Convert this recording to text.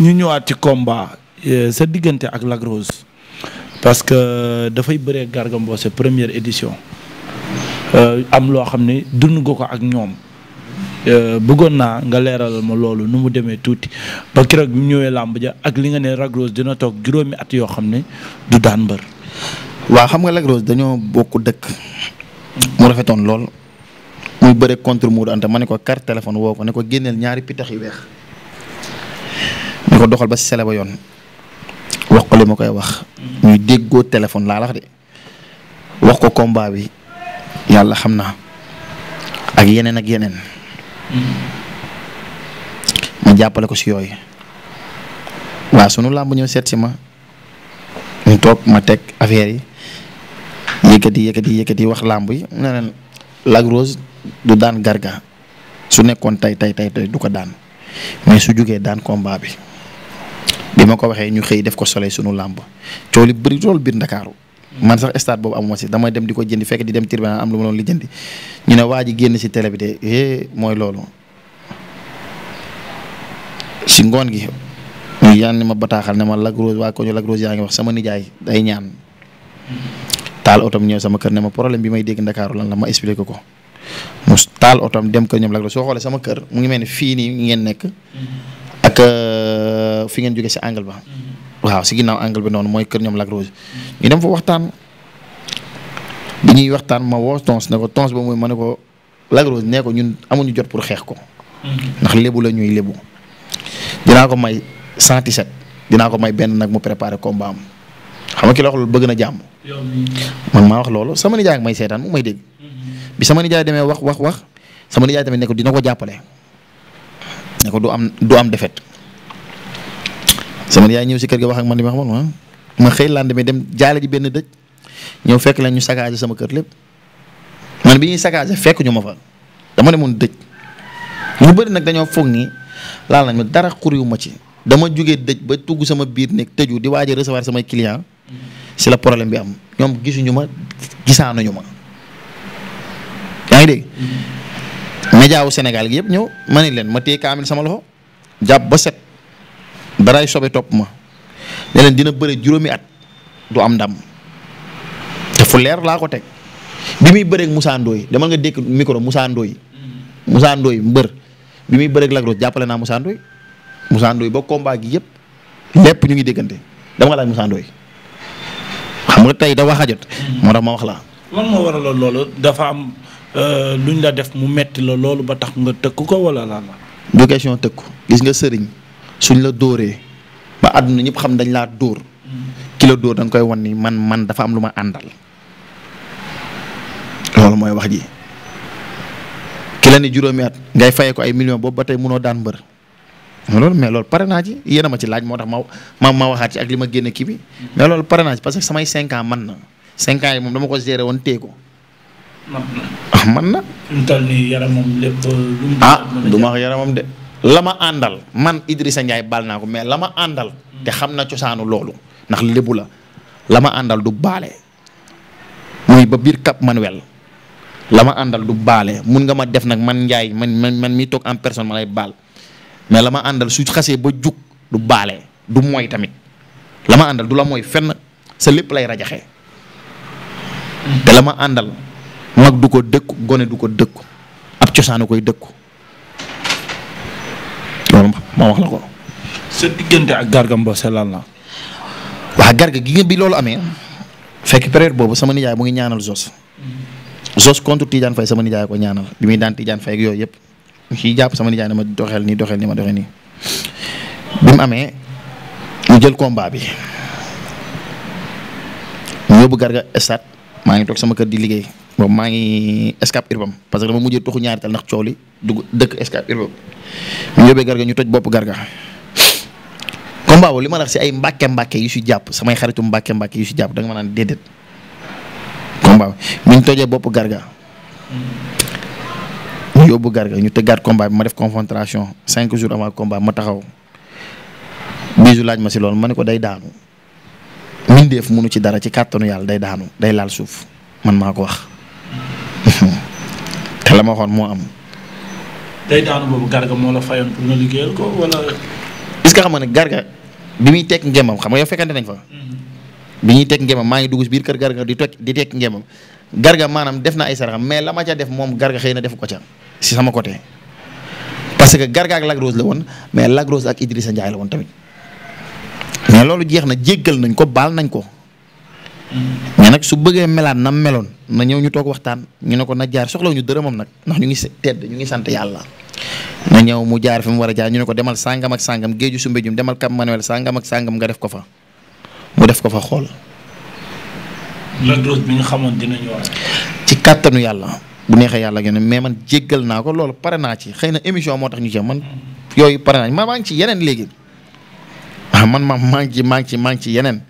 ñu ñëwaat ci combat euh, sa diggante ak Lac Rose parce que euh, dafay bëree gargambose Mbossé première édition euh, am loo xam ne dund nga ko ak ñoom bëggoon naa nga leeralal ma loolu nu mu demee tuuti ba keroog bi mu ñëwee làmb ja ak li nga ne Lac Rose dina toog juróomi at yoo xam ne du daan mbër. waa xam nga Lac dañoo bokk dëkk. mu rafetoon lool. muy bëre contre Modou Anta ma ne ko carte téléphone woo ko ne ko génneel ñaari pitax yu weex. ni ko doxal ba si sele yoon wax ko li ma koy wax. ñuy déggoo téléphone laa wax de wax ko combat bi yàlla xam naa ak yeneen ak yeneen. ma jàppale ko si yooyu. waaw sunu làmb ñoo seet si ma ñu toog ma teg affaire yi yëkkati yëkkati yëkkati wax làmb yi mu ne du daan garga su nekkoon tey tey tey tey du ko daan mais su jógee daan combat bi. li ma ko waxee ñu xëy def ko soleil sunu làmb coow li bëri lool biir ndakaaru man sax stade boobu amuma si dama dem di ko jëndi fekk di dem tribunal am lu ma doon li jëndi ñu ne waa ji génn si télé bi de eh, mooy loolu si ngoon gi ñu yànni ma bataaxal ne ma Lac Rose waa ko ñu Lac yaa ngi wax sama nijaay day ñaan taal otom ñëw sama kër ne ma problème bi may dégg ndakaaru lan la ma expliqué ko mu taal otom dem kër ñoom Lac soo xoolee sama kër mu ngi mel ni fii nii ngeen nekk ak fi ngeen jóge si angle ba. waaw si ginnaaw angle bi noonu mooy kër ñoom Lac Rose. ñu dem fa waxtaan bi ñuy waxtaan ma woo tons ne ko tons ba mooy ma ne ko Lac Rose nee ko ko. ndax lébu la ñuy ko may 117 dinaa ko may benn nag mu préparé combat am xam nga ki la wax loolu bëgg na jàmm. man maa wax loolu sama nijaay ak may seetaan mu may dégg. bi sama nijaay demee wax wax wax sama nijaay tamit ne ko dina ko jàppale. ne ko du du am defet sama yaay ñëw si kër ga wax ak man li ma xamoon ma ah. ma xëy lande mi dem jaale ji benn dëj ñëw fekk la ñu saccagé sama kër lépp man bi ñuy saccagé fekk ñu ma fa dama demoon dëj mu bëri nag dañoo foog ni laal nañ ma dara xuriwu ma ci dama jógee dëj ba tugg sama biir nekk tëju di waaj a recevoir samay client si la problème bi am ñoom gisuñu ma gisaanuñu ma yaa ngi dégg mm-hmm. média wu gi yëpp ñëw ma ne leen ma téye kaamil sama loxo jàpp ba set daraay sobe topp ma ne leen dina bëre juróomi at du am ndam te fu leer laa ko teg bi muy bëreeg Moussa Ndoye nga dékk micro Moussa Ndoye Moussa Ndoye mbër bi muy bëreeg Lac jàppale naa Moussa musaandooy Moussa Ndoye ba combat gi lépp ñu ngi déggante dama nga laaj Moussa xam nga tey da wax a moo tax ma wax la lan moo waral loolu dafa am euh, luñ la def mu metti la loolu ba tax nga tëkk ko wala la du question tëkku gis nga sëriñ suñ la dóoree ba àdduna ñëpp xam dañ laa dóor kilo la dóor da nga koy wan ni man man dafa am lu ma àndal loolu mooy wax ji ki la ni juróomi at ngay fayee ko ay million boobu ba tey munoo daan mbër loolu mais loolu pare naa ci yéen ma ci laaj moo tax ma ma ma waxaat ci ak li ma génne kii bi mais loolu pare naa ci parce samay cinq man na cinq yi moom dama ko géré woon téye ko. ah man ah, ma yaramam de. la ma àndal man sa Ndiaye baal naa ko mais la ma àndal te xam na cosaanu loolu ndax lébu la la ma àndal du baale muy ba biir Cap Manuel la ma àndal du baale mun nga ma def nag man Ndiaye man man man mi toog en personne ma lay baal mais la ma àndal su xasee ba jug du baale du mooy tamit la ma àndal du la mooy fenn sa lépp lay rajaxee te la ma àndal mag du ko dëkku gone du ko dëkku ab cosaanu koy dëkku ma wax la ko. sa diggante ak Garga Mbossé lan na waa Garga gi nga bi loolu amee. fekk période boobu sama nijaay mu ngi ñaanal Zos. soos contre Tidiane Faye sama nijaay ko ñaanal bi muy daan Tidiane Faye yooyu yëpp. mu jàpp sama nijaay ne ma doxeel nii doxeel nii ma doxeel nii. bi mu amee mu jël combat bi. mu yóbbu Garga stade maa ngi toog sama kër di liggéey. boobu maa ngi escape urbam parce que dama mujjee tuxu ñaari tal ndax coow li dugg dëkk escape urbam ñu yóbbee garga ñu toj bopp garga combat li ma la si ay mbàkke mbàkke yu si jàpp samay xaritu mbàkke mbàkke yu si jàpp da nga ma naan déedéet combat bi ñu garga ñu yóbbu garga ñu combat ma def confrontation cinq jours avant combat ma taxaw bisu laaj ma si lool ma ne ko day daanu mindeef munu ci dara ci kàttanu yàlla day daanu day laal suuf man maa ko wax te la ma waxoon moo am. day daanu boobu Garga moo la fayoon pour nga liggéeyal ko wala. est xam ne Garga bi muy teg ngéemam xam nga yow fekkante nañ fa. Mm-hmm. bi ñuy teg ngéemam maa ngi dugg si biir kër Garga di toj di teg ngéemam Garga maanaam def na ay saraxam mais la ma ca def moom Garga xëy na defu ko ca si sama côté. parce que Garga ak Lac la woon mais lagros ak Idrissa Ndiaye la woon tamit mais loolu jeex na jéggal nañ ko baal nañ ko. mais nag su bëggee melaat na meloon na ñëw ñu toog waxtaan ñu ne ko na jaar soxlaw ñu dërëmam nag ndax ñu ngi tedd ñu ngi sant yàlla. na ñëw mu jaar fi mu war a jaar ñu ne ko demal sàngam ak sàngam géeju su mbéjum demal Cap Manuel sàngam ak sàngam nga def ko fa mu def ko fa xool. Lac Rose bi nga ci kàttanu yàlla bu neexee yàlla ngeen mais man jéggal naa ko loolu pare naa ci xëy na émission moo tax ñu jëm man yooyu pare naa ci maa ngi ci yeneen léegi ah man maa ngi ci maa ngi ci maa ngi ci yeneen